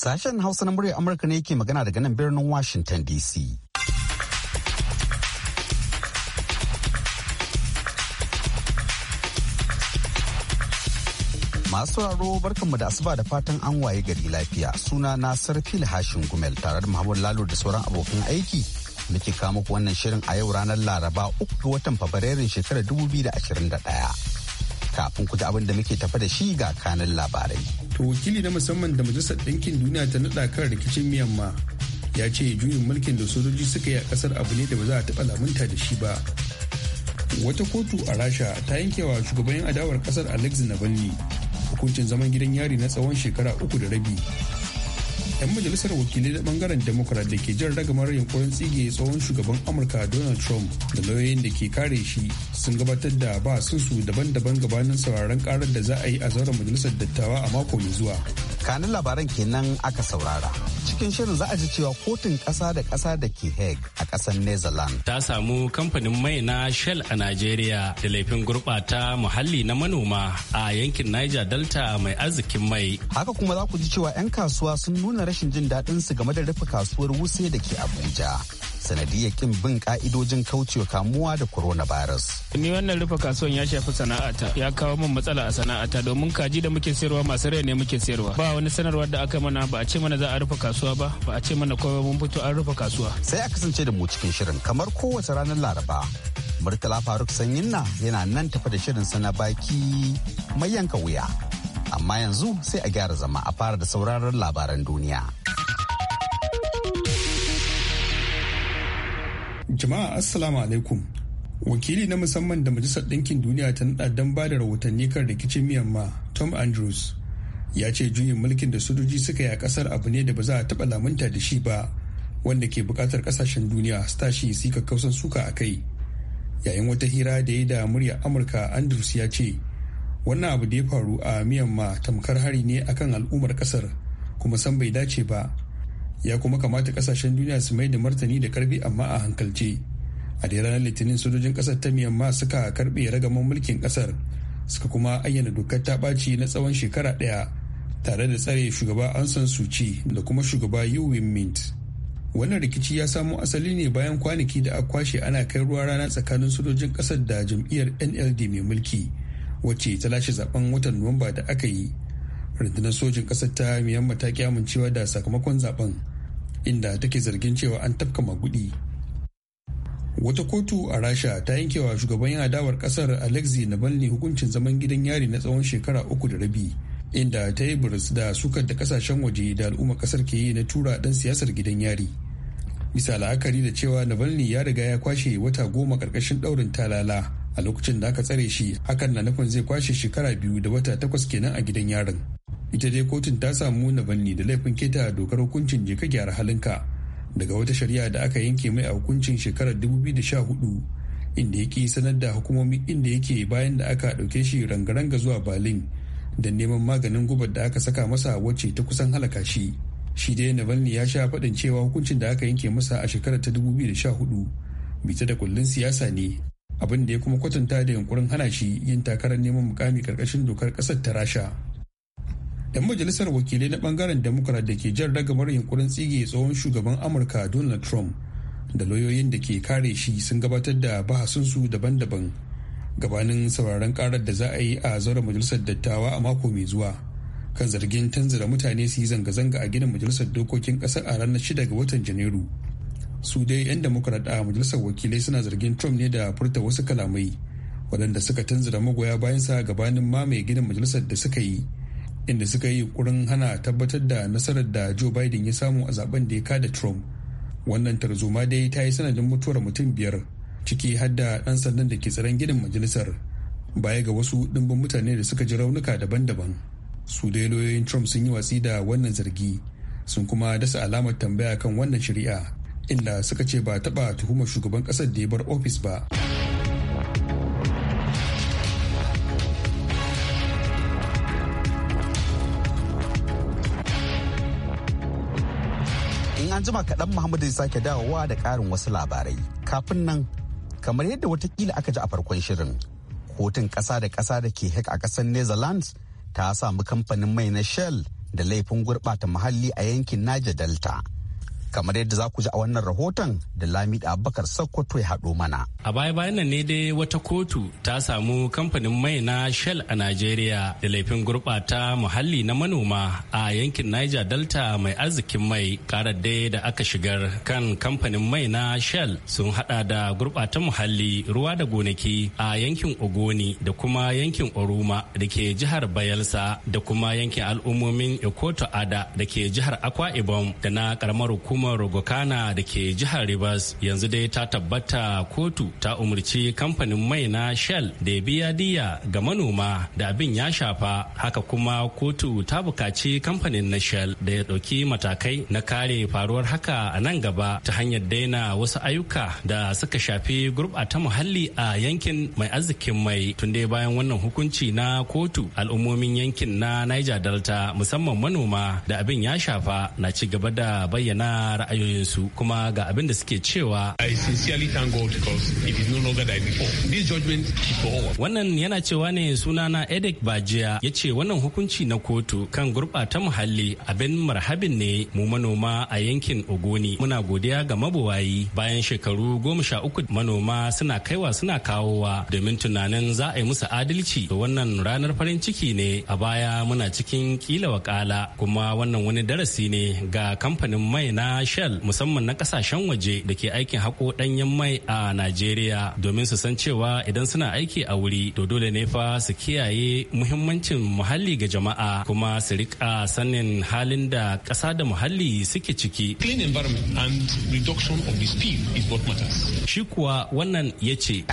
Sashen Hausa na muryar Amurka ne yake magana daga nan birnin Washington DC. Masu sauraro barkanmu da asuba da fatan an waye gari lafiya suna na sarfil hashin gumel tare da Muhammad Lalo da sauran abokan aiki muke kawo muku wannan shirin a yau ranar Laraba uku ga watan Fabrairun shekarar 2021. kafin ku ji abin da muke tafa da shi ga kanin labarai. To wakili na musamman da Majalisar Ɗinkin Duniya ta naɗa kan rikicin Myanmar ya ce juyin mulkin da sojoji suka yi a ƙasar abu ne da ba za a taɓa lamunta da shi ba. Wata kotu a Rasha ta yankewa shugaban adawar ƙasar na Navalny hukuncin zaman gidan yari na tsawon shekara uku da rabi 'yan majalisar wakilai da bangaren democrat da ke jan ragamar yankunan tsige tsohon shugaban amurka donald trump da lauyoyin da ke kare shi sun gabatar da ba su daban-daban gabanin sauraron karar da za a yi a zauren majalisar dattawa a mako mai zuwa kanin labaran kenan aka saurara cikin shirin za a ji cewa kotun ƙasa da ƙasa da ke Hague a ƙasar Netherlands. Ta samu kamfanin mai na Shell a Najeriya da laifin gurɓata muhalli na manoma a yankin Niger Delta mai arzikin mai. Haka kuma za ku ji cewa 'yan kasuwa sun nuna rashin jin daɗinsu game da rufe kasuwar wuse da ke Abuja. sanadiyar kin bin ka'idojin kaucewa kamuwa da corona coronavirus. Ni wannan rufe kasuwan ya shafi sana'ata ya kawo min matsala a sana'ata domin kaji da muke sayarwa masu rai ne muke sayarwa. Ba wani sanarwa da aka mana ba a ce mana za a rufe kasuwa ba ba a ce mana kowa mun fito an rufe kasuwa. Sai a kasance da mu cikin shirin kamar kowace ranar Laraba. Murtala Faruk sanyin na yana nan tafa da shirin sana baki mai yanka wuya. Amma yanzu sai a gyara zama a fara da sauraron labaran duniya. Jama'a Assalamu alaikum. Wakili na musamman da Majalisar Ɗinkin Duniya ta naɗa don ba da rahotanni kan rikicin Myanmar, Tom Andrews, ya ce juyin mulkin da sojoji suka yi a ƙasar abu ne da ba za a taɓa lamunta da shi ba, wanda ke buƙatar ƙasashen duniya su tashi su yi kausan suka a kai. Yayin wata hira da ya da murya Amurka, Andrews ya ce, wannan abu da ya faru a Myanmar tamkar hari ne akan al'ummar ƙasar, kuma san bai dace ba. ya kuma kamata kasashen duniya su mai da martani da karfi amma a hankalce a da ranar litinin sojojin kasar ta miyamma suka karbe ragaman mulkin kasar suka kuma ayyana dokar ta ɓaci na tsawon shekara ɗaya tare da tsare shugaba ansan suci da kuma shugaba yuwin mint wannan rikici ya samo asali ne bayan kwanaki da a kwashe ana kai ruwa rana tsakanin sojojin kasar da jam'iyyar nld mai mulki wacce ta lashe zaben watan nuwamba da aka yi rundunar sojin ƙasar ta miyamma ta ki amincewa da sakamakon zaben inda take zargin cewa an tafka magudi wata kotu a rasha ta yankewa shugaban yan adawar kasar alexei navalny hukuncin zaman gidan yari na tsawon shekara uku da rabi inda ta yi buris da sukar da kasashen waje da al'umma kasar ke yi na tura dan siyasar gidan yari bisa la'akari da cewa navalny ya riga ya kwashe wata goma karkashin daurin talala a lokacin da aka tsare shi hakan na nufin zai kwashe shekara biyu da wata takwas kenan a gidan yarin ita dai kotun ta samu na da laifin keta dokar hukuncin jika gyara halinka daga wata shari'a da aka yanke mai a hukuncin shekarar 2014 inda ya ki sanar da hukumomi inda yake bayan da aka dauke shi rangaranga zuwa berlin da neman maganin gubar da aka saka masa wacce ta kusan halaka shi shi dai navalny ya sha faɗin cewa hukuncin da aka yanke masa a shekarar ta 2014 bita da kullun siyasa ne abin da ya kuma kwatanta da yunkurin hana shi yin takarar neman mukami karkashin dokar kasar ta rasha 'yan majalisar wakilai na bangaren democrat da ke jan ragamar yunkurin tsige tsohon shugaban amurka donald trump da lauyoyin da ke kare shi sun gabatar da bahasunsu daban-daban gabanin sauraron karar da za a yi a zauren majalisar dattawa a mako mai zuwa kan zargin tanzira mutane su yi zanga-zanga a ginin majalisar dokokin kasar a ranar 6 ga watan janairu su dai 'yan democrat a majalisar wakilai suna zargin trump ne da furta wasu kalamai waɗanda suka tanzira magoya bayan sa gabanin mamaye ginin majalisar da suka yi inda suka yi yunkurin hana tabbatar da nasarar da joe biden ya samu a zaben da ya kada trump wannan tarzoma dai ta yi sanadin mutuwar mutum biyar ciki har da ɗan sandan da ke tsaron gidan majalisar baya ga wasu ɗimbin mutane da suka ji raunuka daban-daban su dai lauyoyin trump sun yi watsi da wannan zargi sun kuma dasa alamar tambaya kan wannan shari'a inda suka ce ba taɓa tuhumar shugaban ƙasar da ya bar ofis ba. an jima kaɗan Muhammadu zai sake dawowa da ƙarin wasu labarai. Kafin nan, kamar yadda watakila aka ji a farkon shirin, kotun ƙasa da ƙasa da ke hek a ƙasar Netherlands ta samu kamfanin mai na Shell da laifin gurɓata muhalli a yankin Niger Delta. kamar yadda za ku ji a wannan rahoton da lamidi Abubakar Sokoto ya haɗo mana. A baya bayan nan ne dai wata kotu ta samu kamfanin mai na Shell a Najeriya da laifin gurɓata muhalli na manoma a yankin Niger Delta mai arzikin mai karar dai da aka shigar kan kamfanin mai na Shell sun hada da gurɓata muhalli ruwa da gonaki a yankin Ogoni da kuma yankin Oruma da ke jihar Bayelsa da kuma yankin al'ummomin Ekoto Ada da ke jihar Akwa Ibom da na karamar hukumar hukumar Rogokana da ke jihar Rivers yanzu dai ta tabbata kotu ta umarci kamfanin mai na Shell da ya biya diya ga manoma da abin ya shafa haka kuma kotu ta bukaci kamfanin na Shell da ya dauki matakai na kare faruwar haka a nan gaba ta hanyar daina wasu ayyuka da suka shafi ta muhalli a yankin mai arzikin mai tun dai bayan wannan hukunci na kotu al'ummomin yankin na Niger Delta musamman manoma da abin ya shafa na ci gaba da bayyana ra'ayoyinsu kuma ga abin da suke cewa wannan yana cewa ne sunana edek bajiya ya ce wannan hukunci na kotu kan gurɓata muhalli abin marhabin ne mu manoma a yankin ogoni muna godiya ga mabuwayi bayan shekaru goma sha uku manoma suna kaiwa suna kawowa domin tunanin za a yi musu adalci to wannan ranar farin ciki ne a baya muna cikin kila wakala kuma wannan wani darasi ne ga kamfanin mai na shell musamman na kasashen waje da ke aikin hako danyen mai a najeriya domin su san cewa idan suna aiki a wuri to dole ne fa su kiyaye muhimmancin muhalli ga jama'a kuma su rika sanin halin da ƙasa da muhalli suke ciki clean environment and reduction of the speed is what matters shi kuwa wannan ya ce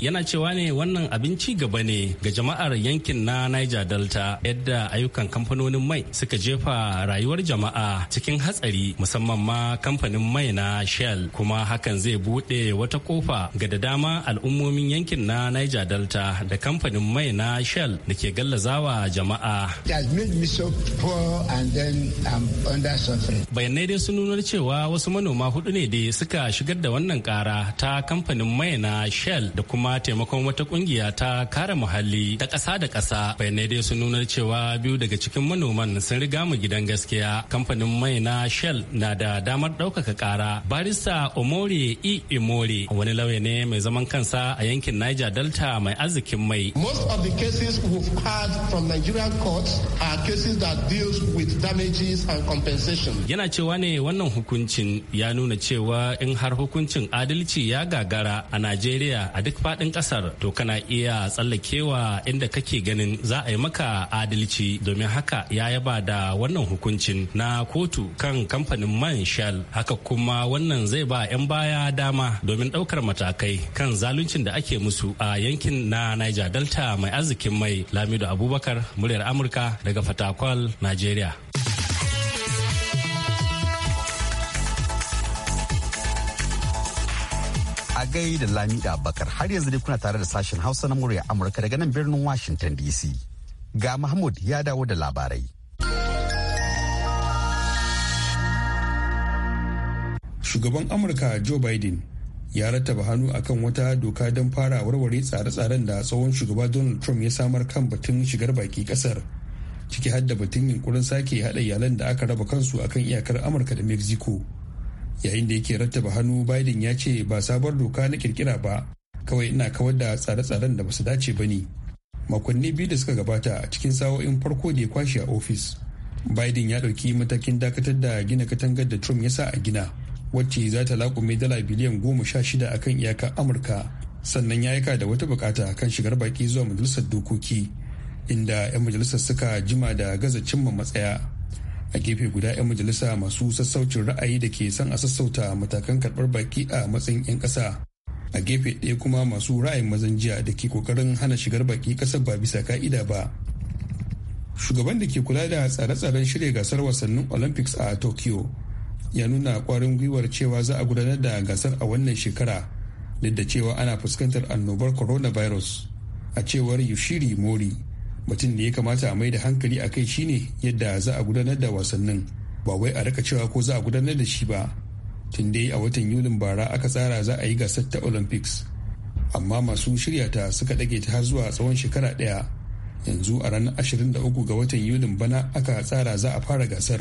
yana cewa ne wannan abin ci gaba ne ga jama'ar yankin na niger delta yadda ayyukan kamfanonin mai suka ji jefa rayuwar jama'a cikin hatsari musamman ma kamfanin mai na Shell kuma hakan zai buɗe wata kofa ga da dama al'ummomin yankin na Niger Delta da kamfanin mai na Shell da ke gallazawa jama'a. Bayanai dai sun nuna cewa wasu manoma hudu ne da suka shigar da wannan kara ta kamfanin mai na Shell da kuma taimakon wata kungiya ta kare muhalli ta ƙasa da ƙasa. Bayanai dai sun nuna cewa biyu daga cikin manoman sun riga gamu gidan gaskiya kamfanin mai na shell na da damar ɗaukaka kara barista omore e imori wani lauya ne mai zaman kansa a yankin niger delta mai arzikin mai most of the cases we've had from nigerian courts are cases that deals with damages and compensation yana cewa ne wannan hukuncin ya nuna cewa in har hukuncin adalci ya gagara a nigeria a duk faɗin ƙasar to kana iya tsallakewa inda kake ganin za a yi maka adalci domin haka ya yaba da wannan hukuncin na kotu kan kamfanin man shell haka kuma wannan zai ba 'yan baya dama domin ɗaukar matakai kan zaluncin da ake musu a yankin na niger delta mai arzikin mai lamido abubakar muryar amurka daga fatakwal nigeria gai da Lami da Bakar har yanzu dai kuna tare da sashen Hausa na murya Amurka daga nan birnin Washington DC. Ga Mahmud ya dawo da labarai. shugaban amurka joe biden ya rattaba hannu akan wata doka don fara warware tsare-tsaren da tsohon shugaba donald trump ya samar kan batun shigar baki kasar ciki hadda batun yunkurin sake haɗa iyalan da aka raba kansu akan iyakar amurka da mexico yayin da yake rattaba hannu biden ya ce ba sabuwar doka na kirkira ba kawai ina kawar da tsare-tsaren da basu dace ba ne makonni biyu da suka gabata a cikin sawo'in farko da ya kwashe a ofis biden ya ɗauki matakin dakatar da gina katangar da trump ya sa a gina wacce za ta laƙume dala biliyan goma sha shida akan iyakar amurka sannan ya aika da wata bukata kan shigar baki zuwa majalisar dokoki inda 'yan majalisar suka jima da gaza cimma matsaya a gefe guda 'yan majalisa masu sassaucin ra'ayi da ke son a sassauta matakan karɓar baki a matsayin 'yan ƙasa a gefe ɗaya kuma masu ra'ayin mazan jiya da ke kokarin hana shigar baki ƙasar ba bisa ka'ida ba shugaban da ke kula da tsare-tsaren shirya gasar wasannin olympics a tokyo ya nuna kwarin gwiwar cewa za a gudanar da gasar a wannan shekara duk da cewa ana fuskantar annobar coronavirus a cewar yushiri mori mutum da ya kamata a mai da hankali a kai shine yadda za a gudanar da wasannin ba wai a rika cewa ko za a gudanar da shi ba tun dai a watan yulin bara aka tsara za a yi gasar ta olympics amma masu shirya ta suka dage ta har zuwa tsawon shekara daya yanzu a ranar 23 ga watan yulin bana aka tsara za a fara gasar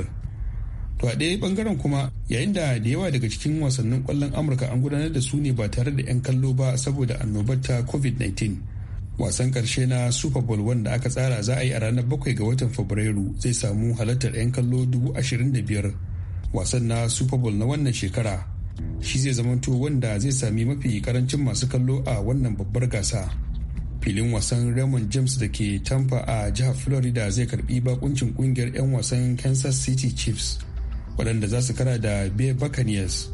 to a ɗaya bangaren kuma yayin da da yawa daga cikin wasannin ƙwallon amurka an gudanar da su ne ba tare da 'yan kallo ba saboda annobar ta covid-19 wasan ƙarshe na super bowl wanda aka tsara za a yi a ranar bakwai ga watan fabrairu zai samu halartar 'yan kallo dubu ashirin da biyar wasan na super bowl na wannan shekara shi zai zamanto wanda zai sami mafi karancin masu kallo a wannan babbar gasa filin wasan raymond james da ke tampa a jihar florida zai karbi bakuncin ƙungiyar 'yan wasan kansas city chiefs waɗanda za su kara da bay buccaneers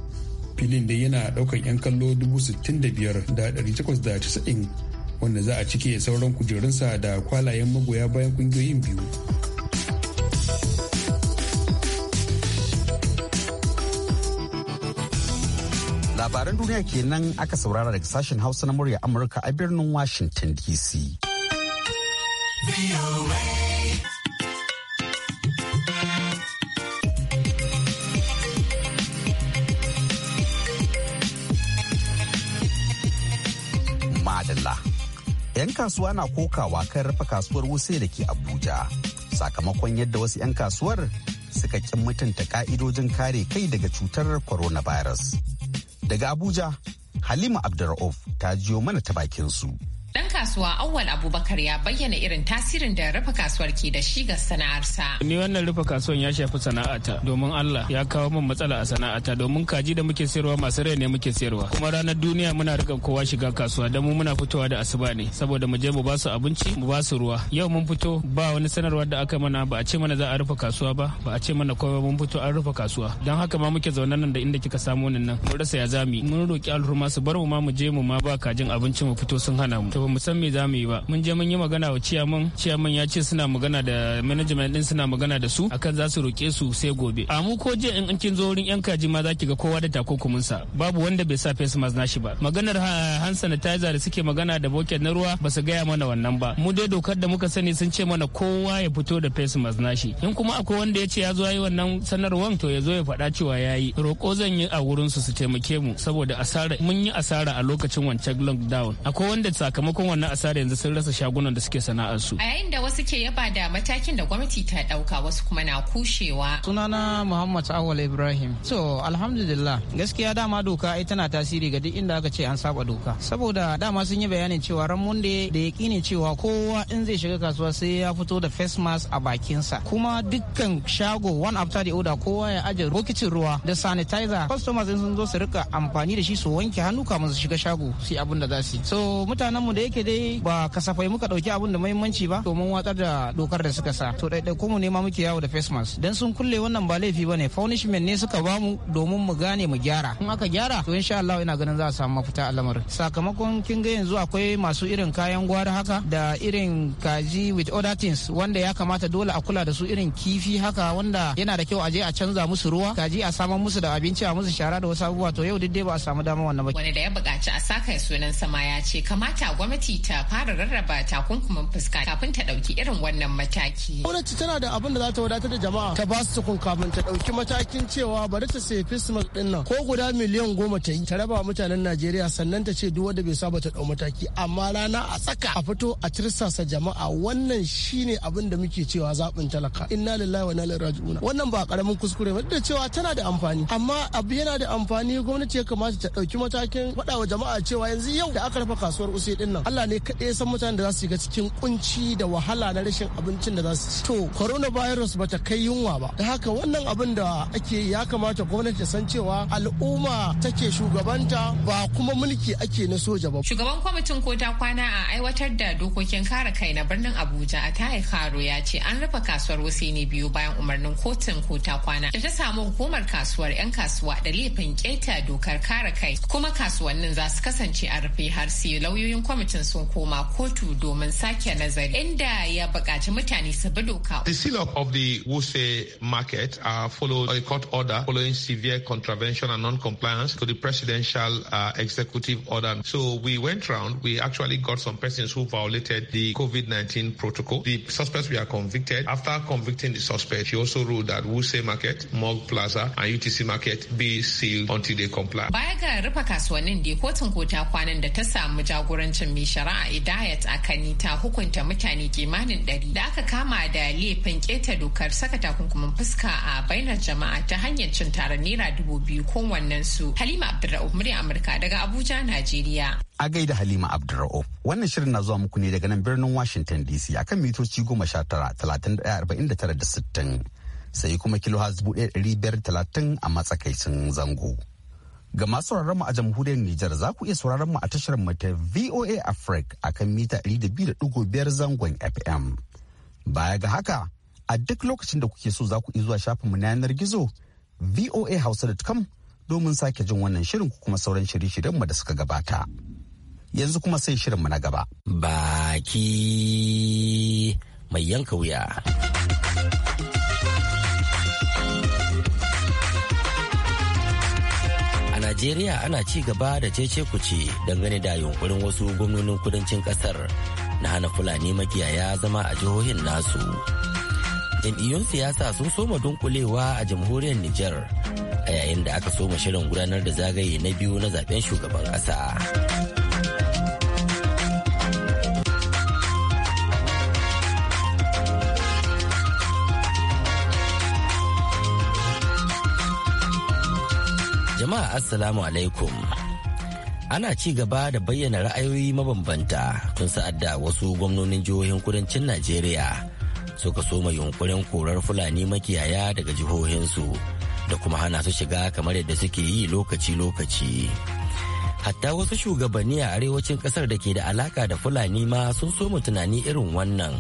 filin da yana ɗaukan 'yan kallo 65,890 wanda za a cike sauran kujerunsa da kwalayen magoya bayan ƙungiyoyin biyu labaran duniya kenan aka saurara daga sashen hausa na murya amurka a birnin washington dc 'Yan kasuwa na kokawa kan rufe kasuwar wuse da ke Abuja. Sakamakon yadda wasu 'yan kasuwar suka kin mutunta ka'idojin kare kai daga cutar coronavirus. Daga Abuja, Halima Abdur'auf ta jiyo mana ta bakin su. kasuwa Awwal Abubakar ya bayyana irin tasirin da rufe kasuwar ke da shi ga sana'arsa. Ni wannan rufe kasuwar ya shafi sana'a ta domin Allah ya kawo min matsala a sana'ata domin kaji da muke sayarwa masu rai ne muke sayarwa. Kuma ranar duniya muna rika kowa shiga kasuwa da mu muna fitowa da asuba ne saboda mu je mu ba su abinci mu ba su ruwa. Yau mun fito ba wani sanarwar da aka mana ba a ce mana za a rufe kasuwa ba ba a ce mana kowa mun fito an rufe kasuwa. Don haka ma muke zaune nan da inda kika samu nan mun rasa ya zami mun roki alhurma su bar mu ma mu je mu ma ba kajin abinci mu fito sun hana mu. To mu san me za mu yi ba mun je mun yi magana wa ciyaman ciyaman ya ce suna magana da management din suna magana da su akan za su roke su sai gobe a mu ko je in kin zo wurin yan kaji ma za ki ga kowa da takunkumin sa babu wanda bai sa face mask nashi ba maganar hand sanitizer da suke magana da bucket na ruwa ba su gaya mana wannan ba mu dai dokar da muka sani sun ce mana kowa ya fito da face mask nashi in kuma akwai wanda ya ce ya zo yi wannan sanarwar to ya zo ya faɗa cewa ya yi roƙo zan yi a wurin su su taimake mu saboda asara mun yi asara a lokacin wancan lockdown akwai wanda sakamakon na asara yanzu sun rasa shagunan da suke sana'arsu. A yayin da wasu ke yaba da matakin da gwamnati ta ɗauka wasu kuma na kushewa. Sunana Muhammad Awal Ibrahim. So alhamdulillah gaskiya dama doka ai tana tasiri ga duk inda aka ce an saba doka. Saboda dama sun yi bayanin cewa ran munde da ya kine cewa kowa in zai shiga kasuwa sai ya fito da face mask a bakinsa. Kuma dukkan shago one after the other kowa ya aje bokitin ruwa da sanitizer. Customers sun zo su rika amfani da shi su wanke hannu kamar su shiga shago yi abin da za su yi. So mutanenmu da yake dai ba kasafai muka dauki abun da muhimmanci ba domin watsar da dokar da suka sa to ɗaiɗaiku mu ne ma muke yawo da face mask dan sun kulle wannan ba laifi bane punishment ne suka bamu domin mu gane mu gyara in aka gyara to insha Allah ina ganin za a samu mafita a lamarin sakamakon kin ga yanzu akwai masu irin kayan gwari haka da irin kaji with other things wanda ya kamata dole a kula da su irin kifi haka wanda yana da kyau a je a canza musu ruwa kaji a samar musu da abinci a musu shara da wasu abubuwa to yau duk dai ba a samu dama wannan ba wani da ya buƙaci a saka sunan sama ya ce kamata gwamnati ta fara rarraba takunkumin fuska kafin ta ɗauki irin wannan mataki. Gwamnati tana da abin da za ta wadatar da jama'a ta ba su tukun kafin ta dauki matakin cewa bari ta sayi Christmas din nan ko guda miliyan goma ta yi ta raba mutanen Najeriya sannan ta ce duk wanda bai saba ta ɗau mataki amma rana a tsaka a fito a tirsasa jama'a wannan shine abin da muke cewa zaɓin talaka inna lillahi wa inna ilaihi raji'un wannan ba karamin kuskure ba da cewa tana da amfani amma abu yana da amfani gwamnati ya kamata ta ɗauki matakin faɗa wa jama'a cewa yanzu yau da aka rufe kasuwar usai din nan Allah ne kaɗai san mutane da za su shiga cikin kunci da wahala na rashin abincin da za su ci. To coronavirus bata kai yunwa ba. Da haka wannan abin da ake ya kamata gwamnati ta san cewa al'umma take shugabanta ba kuma mulki ake na soja ba. Shugaban kwamitin kota kwana a aiwatar da dokokin kare kai na birnin Abuja a Tahir Karo ya ce an rufe kasuwar ne biyu bayan umarnin kotun kota kwana da ta samu hukumar kasuwar 'yan kasuwa da laifin keta dokar kare kai kuma kasuwannin za su kasance a rufe har sai lauyoyin kwamitin sun sun koma kotu domin sake nazari inda ya bukaci mutane su bi doka. The seal up of the Wuse market uh, followed a court order following severe contravention and non-compliance to the presidential uh, executive order. So we went round, we actually got some persons who violated the COVID-19 protocol. The suspects were convicted. After convicting the suspect, she also ruled that Wuse market, Mog Plaza and UTC market be sealed until they comply. Baya ga rufe kasuwannin da kotun kota kwanan da ta samu jagorancin Misha shari'a Idayat Akani ta hukunta mutane kimanin ɗari da aka kama da laifin keta dokar saka takunkumin fuska a bainar jama'a ta hanyar cin taron naira dubu biyu kowannen su. Halima Abdulra'uf murya Amurka daga Abuja, Najeriya. A gaida Halima Abdulra'uf. Wannan shirin na zuwa muku ne daga nan birnin Washington DC akan mitoci goma sha tara talatin da arba'in da tara da sittin. Sai kuma kilo hasbu ɗaya ɗari biyar talatin a matsakaicin zango. Ga masu sauraron mu a jamhuriyar Nijar za ku iya sauraron mu a tashar mu ta VOA Africa kan mita 200.5 zangon FM. Baya ga haka, a duk lokacin da kuke so za ku iya zuwa shafin mu na yanar gizo voahausa.com domin sake jin wannan shirin ku kuma sauran shirye-shiryen mu da suka gabata. Yanzu kuma sai shirin mu na gaba. Baki mai yanka wuya. Najeriya ana ci gaba da cece kuce dangane da yunkurin wasu gwamnonin kudancin kasar na hana Fulani makiyaya zama a jihohin nasu. Jam'iyyun siyasa sun soma dunkulewa a jamhuriyar Nijar a yayin da aka soma shirin gudanar da zagaye na biyu na zaben shugaban ƙasa. assalamu alaikum. Ana ci gaba da bayyana ra'ayoyi mabambanta tun sa'ad da wasu gwamnonin jihohin kudancin Najeriya suka soma yunkurin korar Fulani makiyaya daga jihohinsu da kuma hana su shiga kamar yadda suke yi lokaci-lokaci. Hatta wasu shugabanni a arewacin kasar da ke da alaka da Fulani ma sun soma tunani irin wannan.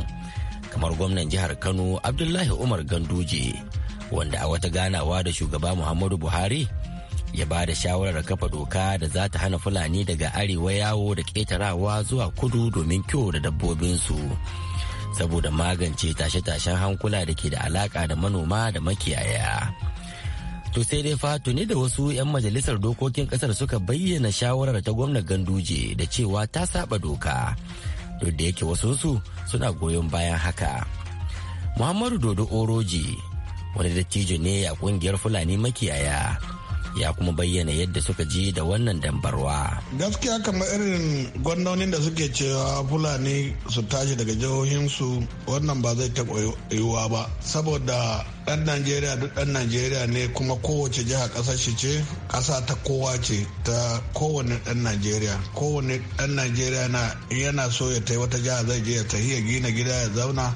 kamar gwamnan jihar Kano Abdullahi Umar Ganduje wanda a wata ganawa da shugaba Muhammadu Buhari ya ba da shawarar kafa doka da za ta hana fulani daga arewa yawo da ƙetarawa zuwa kudu domin kyau da dabbobinsu saboda magance tashe-tashen hankula da ke da alaƙa da manoma da makiyaya. To sai dai fa ne da wasu 'yan majalisar dokokin kasar suka bayyana shawarar ta gwamnan ganduje da cewa ta saba doka. Duk da yake su suna goyon bayan haka. Muhammadu Dodo Oroji wani dattijo ne a kungiyar Fulani makiyaya ya kuma bayyana yadda suka ji da wannan dambarwa. Gaskiya kamar irin gwamnonin da suke cewa Fulani su tashi daga jihohinsu wannan ba zai taɓa yiwuwa ba saboda ɗan Najeriya duk ɗan Najeriya ne kuma kowace jiha ƙasa shi ce ƙasa ta kowa ce ta kowane ɗan Najeriya kowane ɗan Najeriya na yana so ya tai wata jiha zai je ya tafi ya gina gida ya zauna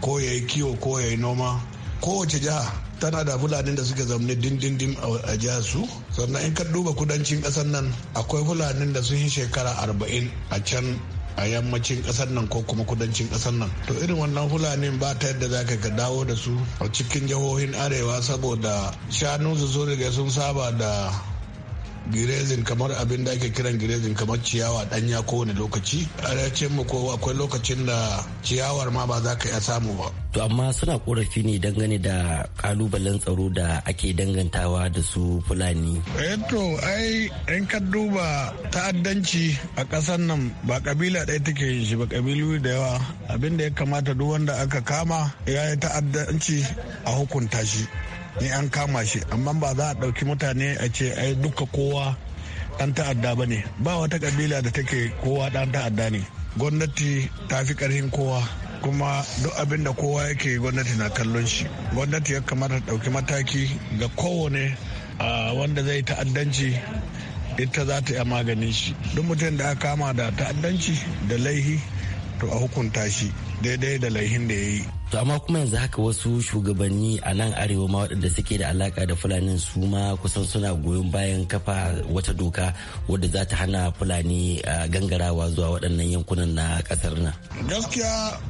ko ya yi kiwo ko ya yi noma kowace jiha tana da fulani da suke zaune dindindin a jihar su sannan in ka duba kudancin kasar nan akwai fulani da sun yi shekara arba'in a can a yammacin kasar nan ko kuma kudancin kasar nan to irin wannan fulani ba ta yadda za ka dawo da su a cikin jihohin arewa saboda shanu su zo daga sun saba da girezin kamar abin da ake kiran girezin kamar ciyawa danya wani lokaci arewacin mu ko akwai lokacin da ciyawar ma ba za ka iya samu ba to amma suna korafi ne dangane da kalubalen tsaro da ake dangantawa da su fulani eh to ai in ka duba ta'addanci a ƙasar nan ba kabila ɗaya take yin shi ba kabilu da yawa abin da ya kamata duk wanda aka kama ya yi ta'addanci a hukunta shi ne an kama shi amma ba za a ɗauki mutane a ce ai duka kowa ɗan ta'adda ba ne ba wata kabila da take kowa ɗan ta'adda ne gwamnati ta fi ƙarfin kowa kuma duk abin da kowa yake gwamnati na kallon shi gwamnati ya kamata ta ɗauki mataki ga kowane wanda zai ta'addanci ita za ta iya maganin shi duk mutum da aka kama da ta'addanci da laihi to a hukunta shi daidai da laihin da ya yi to amma kuma yanzu haka wasu shugabanni a nan arewa ma waɗanda suke da alaka da fulani su ma kusan suna goyon bayan kafa wata doka wadda za ta hana fulani ah, gangarawa zuwa waɗannan yankunan na ƙasar nan gaskiya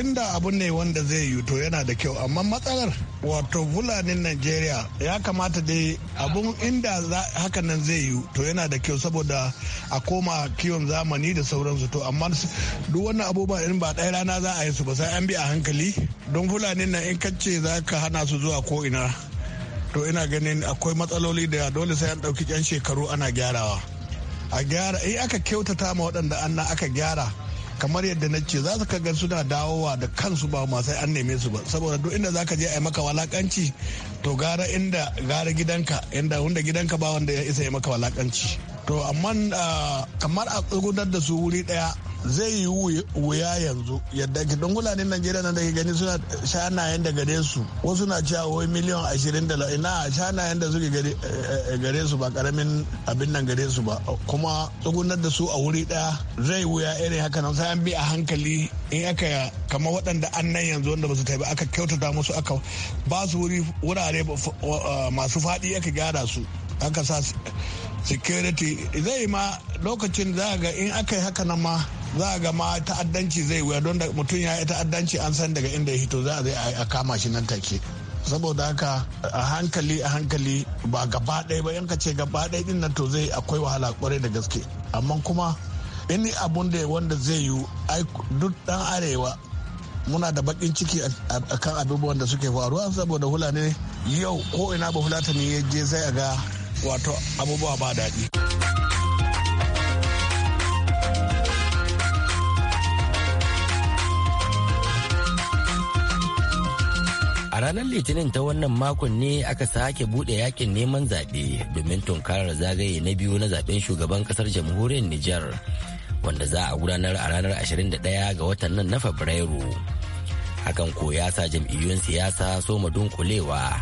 inda abu ne wanda zai yi to yana da kyau amma matsalar wato fulanin najeriya ya kamata dai abun inda hakan nan zai yi to yana da kyau saboda a koma kiwon zamani da sauransu to amma duk wannan abubuwa in ba ɗaya rana za a yi su ba sai an bi a hankali don fulanin na in kace za ka hana su zuwa ko ina to ina ganin akwai matsaloli da dole sai an ɗauki 'yan shekaru ana gyarawa a gyara in aka kyautata ma waɗanda an aka gyara kamar yadda na ce za su gan suna dawowa da kansu ba ma sai an neme su ba saboda duk inda zaka je a yi maka walakanci to gara inda gara gidanka inda wanda gidanka ba wanda ya isa ya maka walakanci to amma ah, kamar a tsugunar da su wuri daya zai yi wuya yanzu yadda ke don ne najeriya nan da ke gani suna shanayen da gare su wasu na cewa wai miliyan ashirin da ina shanayen da suke gare eh, eh, su ba karamin abin nan gare su ba kuma tsugunar da su a wuri daya zai wuya irin haka nan sai an bi a hankali in aka kama waɗanda an nan yanzu wanda ba su taɓa aka kyautata musu aka ba su wuri wurare eh, masu faɗi aka gyara su aka sa security zai ma lokacin za ga in aka yi haka nan ma za ga ma ta'addanci zai wuya don da mutum ya yi ta'addanci an san daga inda ya hito za a a kama shi nan take saboda haka a hankali a hankali ba gaba ɗaya ba yanka ce gaba ɗaya din nan to zai akwai wahala kwarai da gaske amma kuma ini abun da wanda zai yi duk dan arewa muna da bakin ciki a kan abubuwan da suke faruwa saboda hula ne yau ko ina ba hulata ne ya je sai a ga wato abubuwa ba daɗi. A ranar Litinin ta wannan makon ne aka sake buɗe yakin neman zaɓe domin tunkarar zagaye na biyu na zaɓen shugaban ƙasar jamhuriyar Nijar wanda za a gudanar a ranar 21 ga watan nan na Fabrairu. Hakan ko ya sa jam'iyyun siyasa so dunkulewa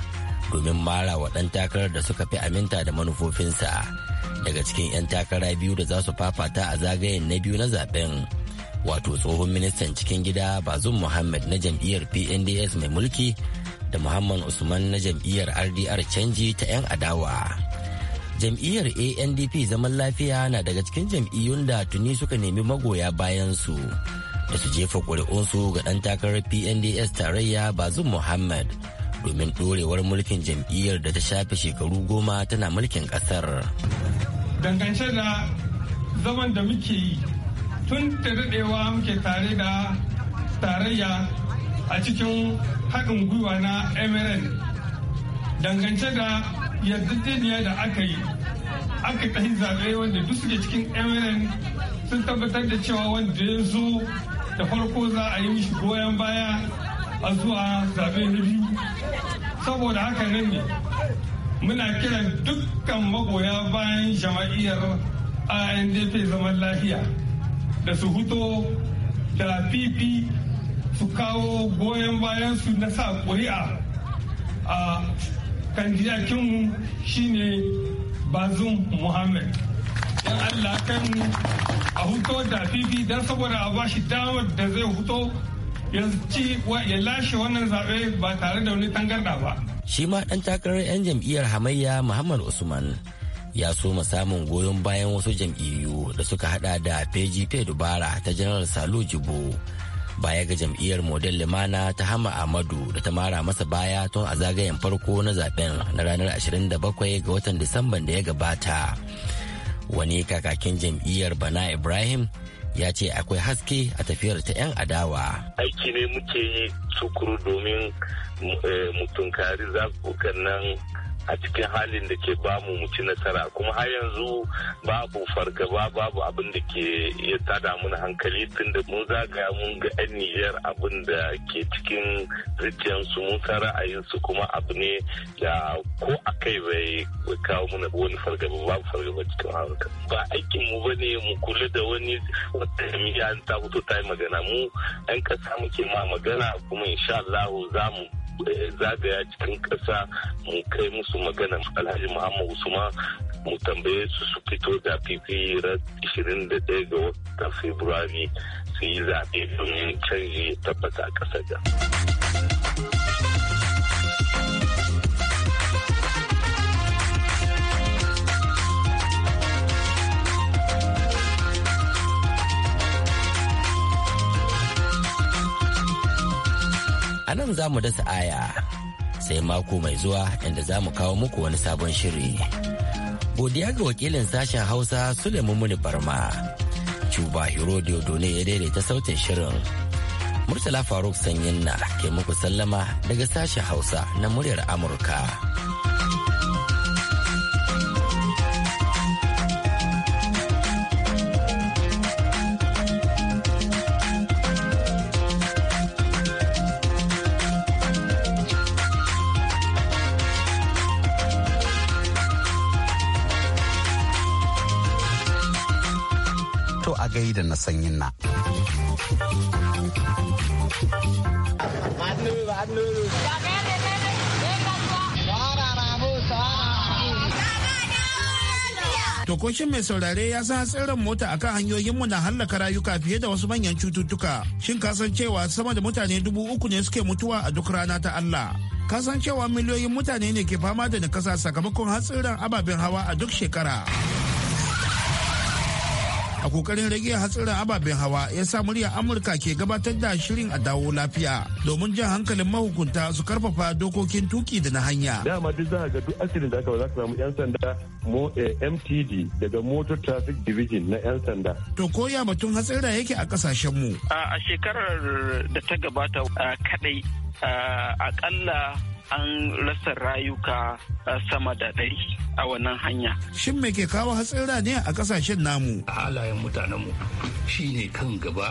domin mara wa ɗan takarar da suka fi aminta da manufofinsa daga cikin 'yan takara biyu da za su fafata a zagayen na biyu na zaben wato tsohon ministan cikin gida bazum muhammad na jam'iyyar pnds mai mulki da muhammad usman na jam'iyyar rdr canji ta 'yan adawa jam'iyyar andp zaman lafiya na daga cikin jam'iyyun da tuni suka nemi magoya bayansu da su jefa ƙuri'unsu ga ɗan takarar pnds tarayya bazum muhammad domin ɗorewar mulkin jam'iyyar da ta shafe shekaru goma tana mulkin ƙasar. Dangance da zaman da muke yi tun da daɗewa muke tare da tarayya a cikin haɗin gwiwa na emirate dangance da yarjejeniya da aka yi aka ta zaɓe wanda duk suke cikin emirate sun tabbatar da cewa wanda ya zo da farko za a yi mishi goyon baya a zuwa zaɓe na biyu saboda haka nan ne muna kiran dukkan magoya bayan jama'iyyar andp zaman lafiya da su huto da pp su kawo goyon bayan su na sa ƙuri'a a kandidakinmu shine bazum muhammad yan allah kan a huto da pp don saboda a bashi damar da zai huto ya ci ya lashe wannan zaɓe ba tare da wani tangarda ba. Shi ma ɗan takarar 'yan jam'iyyar hamayya Muhammad Usman ya so samun goyon bayan wasu jam'iyyu da suka hada da PGP Dubara ta Janar Salo Jibo. Baya ga jam'iyyar Model Limana ta Hama Amadu da ta mara masa baya tun a zagayen farko na zaben na ranar 27 ga watan Disamban da ya gabata. Wani kakakin jam'iyyar Bana Ibrahim ya ce akwai haske a tafiyar ta 'yan adawa. Aiki ne muke yi tukuru domin eh, mutunkari zaɓuɓɓukan nan a cikin halin da ke ba mu ci nasara kuma har yanzu babu fargaba babu abin da ke ya tada mun hankali tun da mun zagaya mun ga 'yan niger abin da ke cikin zuciyarsu mun san ra'ayinsu kuma abu ne da ko a kai bai kawo mana wani fargaba babu fargaba cikin harkar ba aikin mu bane mu kula da wani wata miya ta fito ta magana mu 'yan kasa muke ma magana kuma insha Allah za mu Eh, zagaya cikin ƙasa mu kai musu magana alhaji muhammad usman mu tambaye su su fito da fifi da 21 ga watan februari su yi zaɓe domin canji tabbata ƙasa da. a nan za mu dasa aya sai mako mai zuwa inda za mu kawo muku wani sabon shiri. Godiya ga wakilin sashen Hausa Suleiman Muni Barma. Cuba Hero ne ya daidaita sautin shirin. Murtala Faruk Sanyin na ke muku sallama daga sashen Hausa na muryar Amurka. sanyin na. Tokoshin mai saurare ya san hatsarin mota akan hanyoyinmu na hallaka rayuka fiye da wasu manyan cututtuka. Shin kasan cewa sama da mutane dubu uku ne suke mutuwa a duk rana ta Allah. Kasan cewa miliyoyin mutane ne ke fama da nakasa sakamakon hatsiran ababen hawa a duk shekara. a kokarin rage hatsarin ababen hawa ya sa murya amurka ke gabatar da shirin a dawo lafiya domin jan hankalin mahukunta su karfafa dokokin tuki da na hanya dama duk za ga duk asirin da aka ba za ka samu yan sanda mtd eh, daga motor traffic division na yan sanda to koya batun hatsira yake a kasashen mu a shekarar da ta gabata kadai akalla an rasa rayuka eh, sama da ɗari a wannan hanya. Shin me ke kawo hatsin ne a kasashen namu? Halayen mutanenmu shi ne kan gaba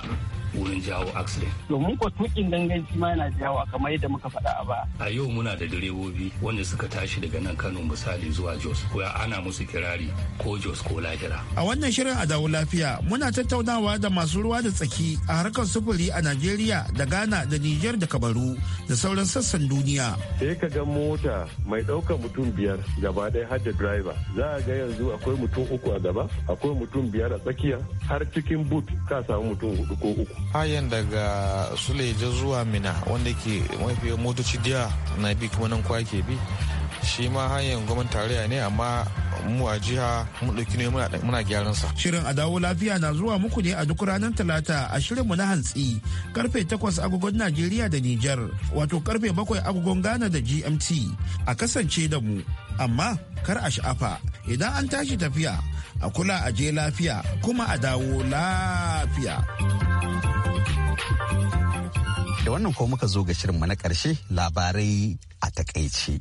wurin jawo accident. Domin ko tukin shi ma yana jawo kamar yadda muka faɗa a ba. A yau muna da direbobi wanda suka tashi daga nan Kano misali zuwa Jos ko ana musu kirari ko Jos ko Lahira. A wannan shirin a dawo lafiya muna tattaunawa da masu ruwa da tsaki a harkar sufuri a Najeriya da Ghana da Niger da Kabaru da sauran sassan duniya. Sai ka ga mota mai ɗaukar mutum biyar gaba ɗaya har da driver. Za a ga yanzu akwai mutum uku a gaba, akwai mutum biyar a tsakiya har cikin boot ka samu mutum hudu ko uku. hayan daga suleja zuwa mina wanda ke mafi motoci da na bi kuma nan kwa ke bi shi ma hanyar gwamnati tarayya ne amma mu a jiha mu ɗauki ne muna gyaran sa. Shirin a dawo lafiya na zuwa muku ne a duk ranar talata a shirin mu na hantsi karfe 8 agogon Najeriya da Nijar wato karfe 7 agogon Ghana da GMT a kasance da mu amma kar a sha'afa idan an tashi tafiya a kula a je lafiya kuma a dawo lafiya. Da wannan ko muka zo ga shirin mu na ƙarshe labarai a takaici.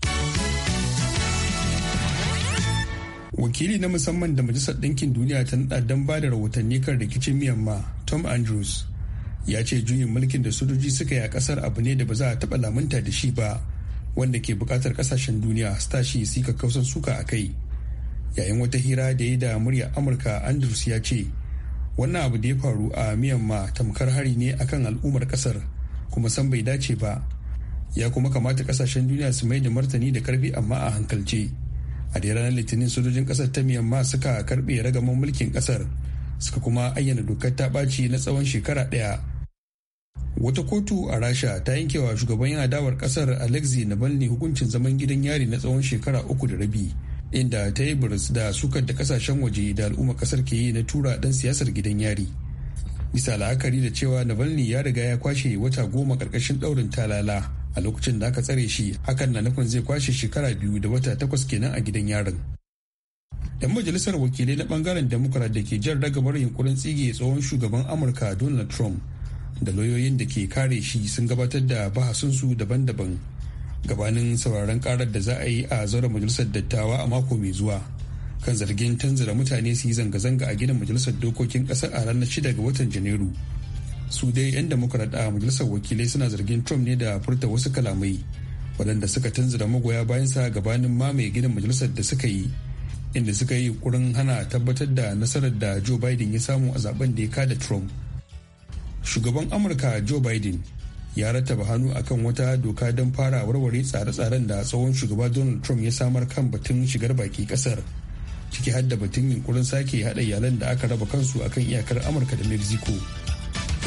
wakili na musamman da majalisar ɗinkin duniya ta naɗa don ba da rahotanni kan rikicin miyamma tom andrews ya ce juyin mulkin da sojoji suka yi a ƙasar abu ne da ba za a taɓa lamunta da shi ba wanda ke buƙatar ƙasashen duniya su tashi su yi kausan suka a kai yayin wata hira da ya da murya amurka andrews ya ce wannan abu da ya faru a miyamma tamkar hari ne akan al'ummar ƙasar kuma san bai dace ba ya kuma kamata kasashen duniya su mai da martani da karfi amma a hankalce a da ranar litinin sojojin kasar ta miyamma suka karbe ragamar mulkin kasar suka kuma ayyana dokar ta ɓaci na tsawon shekara ɗaya wata kotu a rasha ta yankewa shugaban yan adawar kasar alexei navalny hukuncin zaman gidan yari na tsawon shekara uku da rabi inda ta yi da sukar da kasashen waje da al'umma kasar ke yi na tura dan siyasar gidan yari bisa la'akari da cewa navalny ya riga ya kwashe wata goma karkashin daurin talala a lokacin da aka tsare shi hakan na nufin zai kwashe shekara biyu da wata takwas kenan a gidan yarin yan majalisar wakilai na bangaren democrat da ke jan ragamar yunkurin tsige tsohon shugaban amurka donald trump da lauyoyin da ke kare shi sun gabatar da bahasunsu daban-daban gabanin sauraron karar da za a yi a zauren majalisar dattawa a mako mai zuwa kan zargin tanzara mutane su yi zanga-zanga a gidan majalisar dokokin ƙasar a ranar 6 ga watan janairu su dai 'yan democrat a majalisar wakilai suna zargin trump ne da furta wasu kalamai waɗanda suka tunzura magoya sa gabanin mamaye gidan majalisar da suka yi inda suka yi kurin hana tabbatar da nasarar da joe biden ya samu a zaben da ya kada trump shugaban amurka joe biden ya rattaba hannu akan wata doka don fara warware tsare-tsaren da tsohon shugaba donald trump ya samar kan batun shigar baki kasar ciki har batun yunkurin sake haɗa iyalan da aka raba kansu akan iyakar amurka da mexico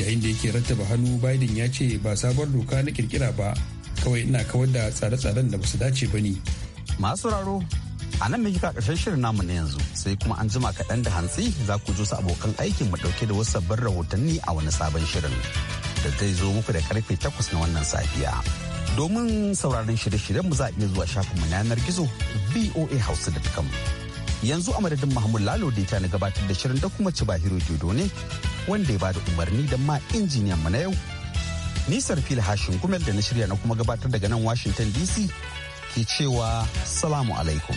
yayin da yake rattaba hannu biden ya ce ba sabon doka na kirkira ba kawai ina kawar da tsare-tsaren da basu dace ba ne masu raro a nan mai karshen shirin namu na yanzu sai kuma an jima kaɗan da hantsi za ku su abokan aikin mu ɗauke da wasu sabbin rahotanni a wani sabon shirin da zai zo muku da karfe takwas na wannan safiya domin sauraron shirye-shiryen mu za a iya zuwa shafinmu na yanar gizo voa hausa.com yanzu a madadin mahmud lalo da ta na gabatar da shirin da kuma ci bahiro jodo ne wanda ya bada umarni da ma injiniyan mu na yau Ni fil hashin gumel da na shirya na kuma gabatar daga nan washington dc ke cewa salamu alaikum